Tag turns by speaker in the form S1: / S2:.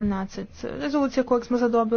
S1: nacrt rezolucije kojeg smo zadobili